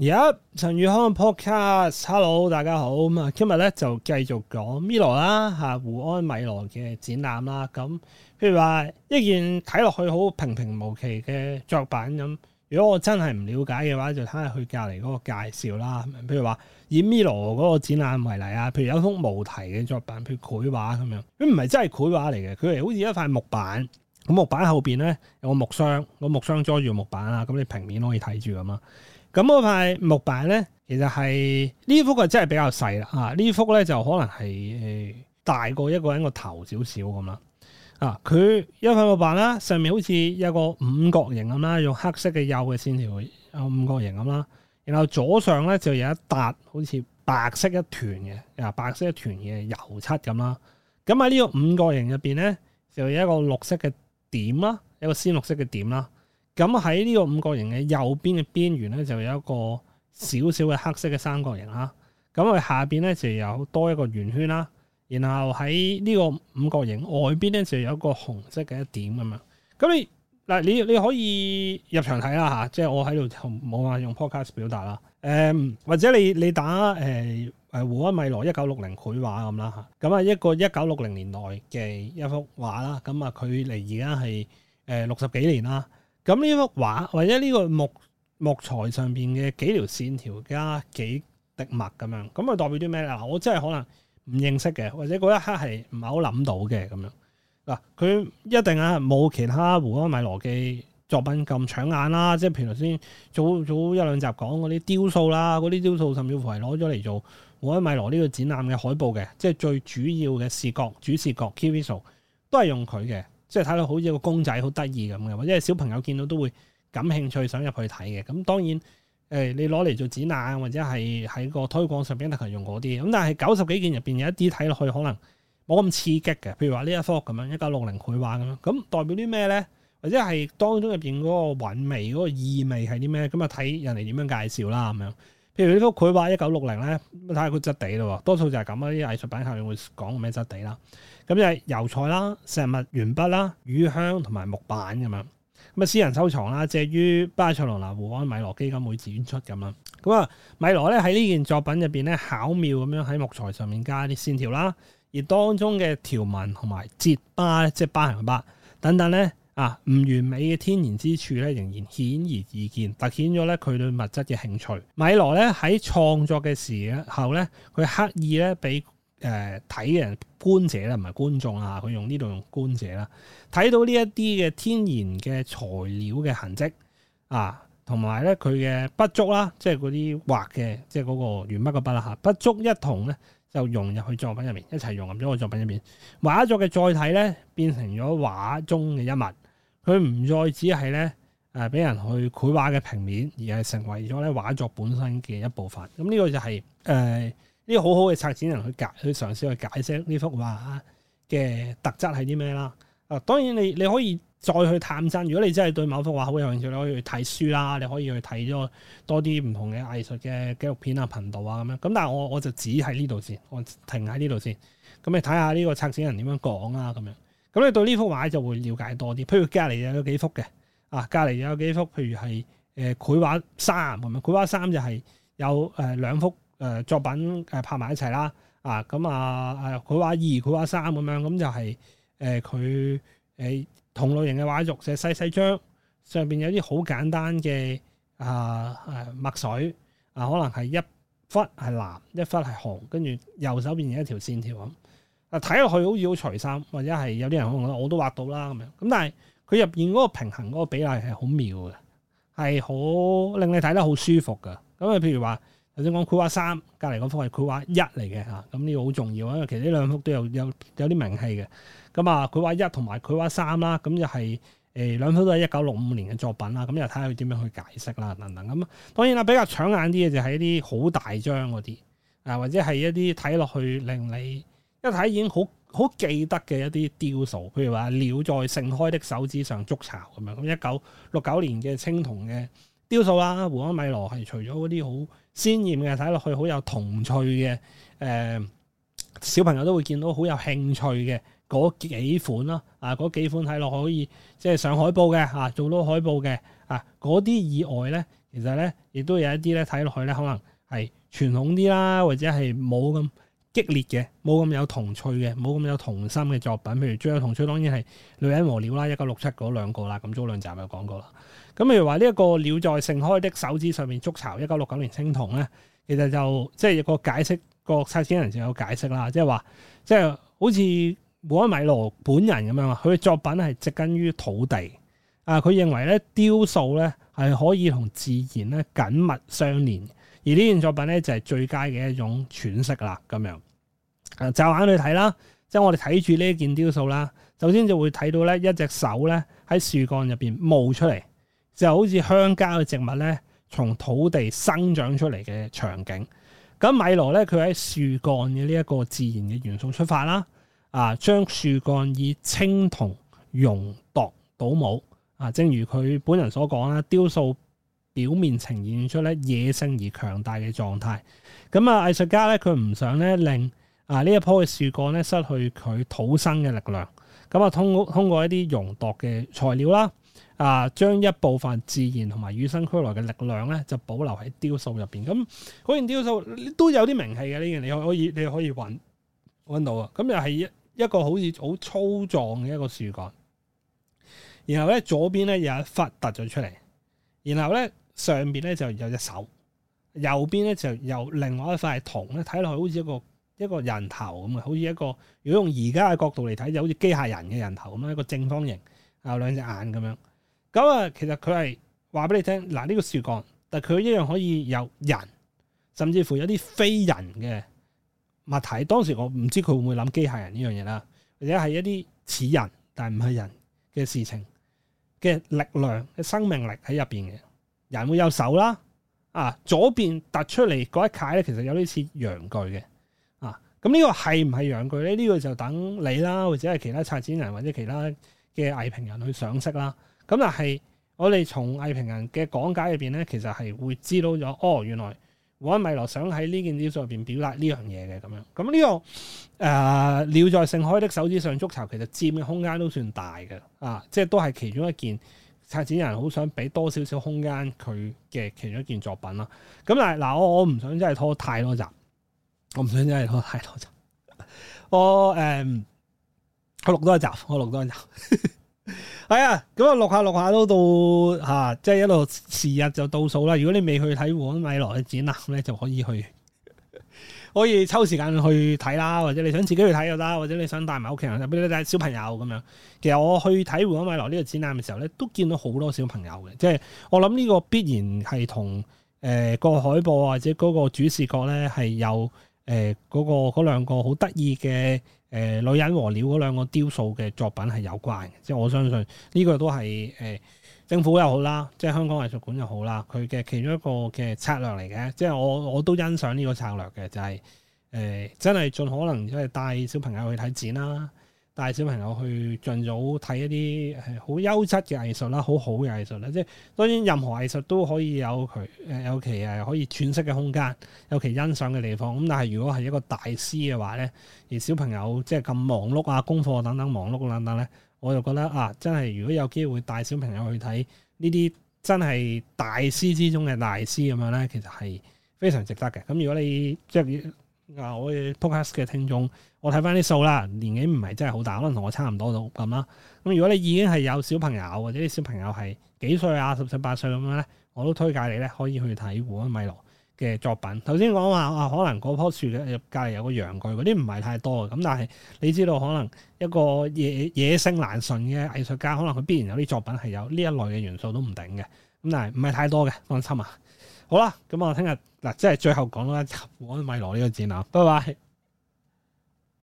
而家陳宇康 podcast，hello，大家好。咁啊，今日咧，就繼續講米羅啦，吓胡安米羅嘅展覽啦。咁、啊、譬如話一件睇落去好平平無奇嘅作品咁、啊，如果我真係唔了解嘅話，就睇下佢隔籬嗰個介紹啦、啊。譬如話以米羅嗰個展覽為例啊，譬如有幅無題嘅作品，譬如繪畫咁樣，佢唔係真係繪畫嚟嘅，佢係好似一塊木板。咁木板後邊咧，有個木箱，個木箱裝住木板啊。咁你平面可以睇住啊嘛。咁嗰塊木板咧，其實係呢幅嘅，真係比較細啦。啊，幅呢幅咧就可能係誒、呃、大過一個人個頭少少咁啦。啊，佢一塊木板啦，上面好似有個五角形咁啦，用黑色嘅幼嘅線條有五角形咁啦。然後左上咧就有一笪好似白色一團嘅，啊，白色一團嘅油漆咁啦。咁喺呢個五角形入邊咧，就有一個綠色嘅點啦，一個鮮綠色嘅點啦。咁喺呢個五角形嘅右邊嘅邊緣咧，就有一個少少嘅黑色嘅三角形啦。咁佢下邊咧就有多一個圓圈啦。然後喺呢個五角形外邊咧，就有一個紅色嘅一點咁樣。咁你嗱，你你可以入場睇啦嚇，即係我喺度冇話用 podcast 表達啦。誒、呃，或者你你打誒誒胡安米羅一九六零繪畫咁啦嚇。咁啊，一個一九六零年代嘅一幅畫啦。咁啊，距離而家係誒六十幾年啦。咁呢幅畫，或者呢個木木材上邊嘅幾條線條加幾滴墨咁樣，咁啊代表啲咩咧？我真係可能唔認識嘅，或者嗰一刻係唔係好諗到嘅咁樣。嗱，佢一定啊冇其他胡安米羅嘅作品咁搶眼啦，即係譬如頭先早早一兩集講嗰啲雕塑啦，嗰啲雕塑甚至乎係攞咗嚟做胡安米羅呢個展覽嘅海報嘅，即係最主要嘅視覺主視覺 key visual 都係用佢嘅。即係睇到好似個公仔好得意咁嘅，或者係小朋友見到都會感興趣想，想入去睇嘅。咁當然，誒、呃、你攞嚟做展覽或者係喺個推廣上面，特別用嗰啲。咁但係九十幾件入邊有一啲睇落去可能冇咁刺激嘅，譬如話呢一幅咁樣一九六零繪畫咁樣，咁代表啲咩咧？或者係當中入邊嗰個韻味、嗰、嗰個意味係啲咩？咁啊睇人哋點樣介紹啦，咁樣。譬如呢幅繪畫一九六零咧，睇下佢質地咯，多數就係咁啊！啲藝術品面會講咩質地啦？咁就油彩啦、石墨鉛筆啦、乳香同埋木板咁樣。咁啊，私人收藏啦，借於巴塞羅那胡安米羅基金會展出咁啦。咁啊，米羅咧喺呢件作品入邊咧，巧妙咁樣喺木材上面加啲線條啦，而當中嘅條紋同埋節疤、咧，即係疤痕疤等等咧。啊！唔完美嘅天然之處咧，仍然顯而易見，凸顯咗咧佢對物質嘅興趣。米羅咧喺創作嘅時候咧，佢刻意咧俾誒睇嘅人觀者啦，唔係觀眾啊。佢用呢度用觀者啦，睇到呢一啲嘅天然嘅材料嘅痕跡啊，同埋咧佢嘅筆觸啦，即係嗰啲畫嘅即係嗰、那個鉛筆嘅、啊、筆啦嚇，筆觸一同咧就融入去作品入面，一齊融入咗個作品入面。畫作嘅載體咧變成咗畫中嘅一物。佢唔再只係咧誒俾人去繪畫嘅平面，而係成為咗咧畫作本身嘅一部分。咁、嗯、呢、這個就係誒呢個好好嘅策展人去解去嘗試去解釋呢幅畫嘅特質係啲咩啦。啊，當然你你可以再去探真。如果你真係對某幅畫好有興趣，你可以去睇書啦，你可以去睇咗多啲唔同嘅藝術嘅紀錄片啊、頻道啊咁樣。咁但係我我就止喺呢度先，我停喺呢度先。咁你睇下呢個策展人點樣講啦。咁樣。咁你對呢幅畫就會了解多啲，譬如隔離有幾幅嘅，啊，隔離有幾幅，譬如係誒繪畫三咁樣，繪畫三就係有誒兩幅誒作品誒拍埋一齊啦，啊，咁啊誒繪畫二、繪畫三咁樣，咁就係誒佢誒同類型嘅畫作，就細細張，上邊有啲好簡單嘅啊誒墨水，啊可能係一忽係藍，一忽係紅，跟住右手邊有一條線條咁。睇落去好似好隨心，或者係有啲人可能覺得我都畫到啦咁樣。咁但係佢入邊嗰個平衡嗰個比例係好妙嘅，係好令你睇得好舒服嘅。咁啊，譬如話，頭先講繪畫三，隔離嗰幅係繪畫一嚟嘅嚇。咁呢個好重要，因為其實呢兩幅都有有有啲名氣嘅。咁啊、就是，繪畫一同埋繪畫三啦。咁又係誒兩幅都係一九六五年嘅作品啦。咁又睇下佢點樣去解釋啦等等。咁當然啦，比較搶眼啲嘅就係一啲好大張嗰啲啊，或者係一啲睇落去令你。睇已經好好記得嘅一啲雕塑，譬如話鳥在盛開的手指上築巢咁樣。咁一九六九年嘅青銅嘅雕塑啦，胡安米羅係除咗嗰啲好鮮豔嘅，睇落去好有童趣嘅，誒、呃、小朋友都會見到好有興趣嘅嗰幾款啦。啊，嗰幾款睇落去可以即係上海報嘅啊，做到海報嘅啊，嗰啲以外咧，其實咧亦都有一啲咧睇落去咧，可能係傳統啲啦，或者係冇咁激烈嘅，冇咁有童趣嘅，冇咁有童心嘅作品，譬如最有童趣，當然係《女人和鳥》啦，一九六七嗰兩個啦，咁早兩集咪講過啦。咁譬如話呢一個鳥在盛開的手指上面築巢，一九六九年青銅咧，其實就即係個解釋，個策展人就有解釋啦，即係話，即係好似烏埃米羅本人咁樣啊，佢嘅作品係植根於土地啊，佢認為咧雕塑咧係可以同自然咧緊密相連。而呢件作品咧就係最佳嘅一種詮釋啦，咁樣啊，驟眼去睇啦，即係我哋睇住呢一件雕塑啦，首先就會睇到咧一隻手咧喺樹幹入邊冒出嚟，就好似鄉郊嘅植物咧從土地生長出嚟嘅場景。咁米羅咧佢喺樹幹嘅呢一個自然嘅元素出發啦，啊將樹幹以青銅溶鐫倒模，啊正如佢本人所講啦，雕塑。表面呈現出咧野性而強大嘅狀態，咁啊藝術家咧佢唔想咧令啊呢一棵嘅樹幹咧失去佢土生嘅力量，咁啊通通過一啲溶度嘅材料啦，啊將一部分自然同埋與生俱來嘅力量咧就保留喺雕塑入邊。咁嗰件雕塑都有啲名氣嘅，呢樣你可以你可以揾揾到啊！咁又係一一個好似好粗壯嘅一個樹幹，然後咧左邊咧又一塊突咗出嚟，然後咧。上邊咧就有一隻手，右邊咧就由另外一塊銅咧，睇落去好似一個一個人頭咁啊，好似一個如果用而家嘅角度嚟睇，就好似機械人嘅人頭咁啊，一個正方形，有兩隻眼咁樣。咁啊，其實佢係話俾你聽，嗱呢個樹幹，但係佢一樣可以有人，甚至乎有啲非人嘅物體。當時我唔知佢會唔會諗機械人呢樣嘢啦，或者係一啲似人但係唔係人嘅事情嘅力量嘅生命力喺入邊嘅。人會有手啦，啊左邊突出嚟嗰一塊咧，其實有啲似陽具嘅，啊咁呢、嗯這個係唔係陽具咧？呢、這個就等你啦，或者係其他策展人或者其他嘅藝評人去賞識啦。咁、嗯、但係我哋從藝評人嘅講解入邊咧，其實係會知道咗，哦原來我喺米羅想喺呢件嘢上邊表達呢樣嘢嘅咁樣。咁、嗯、呢、這個誒鳥、呃、在盛開的手指上築巢，其實佔嘅空間都算大嘅，啊即係都係其中一件。策展人好想俾多少少空間佢嘅其中一件作品啦，咁但係嗱我我唔想真係拖太多集，我唔想真係拖太多集，我誒、嗯、我錄多一集，我錄多一集，係 啊，咁啊錄下錄下都到嚇，即、啊、係、就是、一路時日就倒數啦。如果你未去睇胡安米羅嘅展啦，咧就可以去。可以抽時間去睇啦，或者你想自己去睇就得，或者你想帶埋屋企人去，或者帶小朋友咁樣。其實我去睇《胡安米羅》呢、這個展覽嘅時候咧，都見到好多小朋友嘅，即、就、係、是、我諗呢個必然係同誒個海報或者嗰個主視角咧係有誒嗰、呃那個嗰兩個好得意嘅。誒、呃、女人和鳥嗰兩個雕塑嘅作品係有關嘅，即係我相信呢、這個都係誒、呃、政府又好啦，即係香港藝術館又好啦，佢嘅其中一個嘅策略嚟嘅，即係我我都欣賞呢個策略嘅，就係、是、誒、呃、真係盡可能即係帶小朋友去睇展啦、啊。帶小朋友去盡早睇一啲係好優質嘅藝術啦，好好嘅藝術啦。即係當然任何藝術都可以有佢誒有其誒可以喘息嘅空間，有其欣賞嘅地方。咁但係如果係一個大師嘅話咧，而小朋友即係咁忙碌啊，功課等等忙碌等等咧，我就覺得啊，真係如果有機會帶小朋友去睇呢啲真係大師之中嘅大師咁樣咧，其實係非常值得嘅。咁如果你即係嗱，我哋 podcast 嘅聽眾，我睇返啲數啦，年紀唔係真係好大，可能同我差唔多到咁啦。咁如果你已經係有小朋友或者啲小朋友係幾歲啊，十歲八歲咁樣咧，我都推介你咧可以去睇胡安米羅嘅作品。頭先講話啊，可能嗰棵樹嘅隔籬有個羊羣，陽具嗰啲唔係太多嘅。咁但係你知道，可能一個野野性難馴嘅藝術家，可能佢必然有啲作品係有呢一類嘅元素都唔定嘅。咁但係唔係太多嘅，放心啊。好啦，咁我聽日嗱，即係最後講多一集《安米羅》呢個節目，拜拜。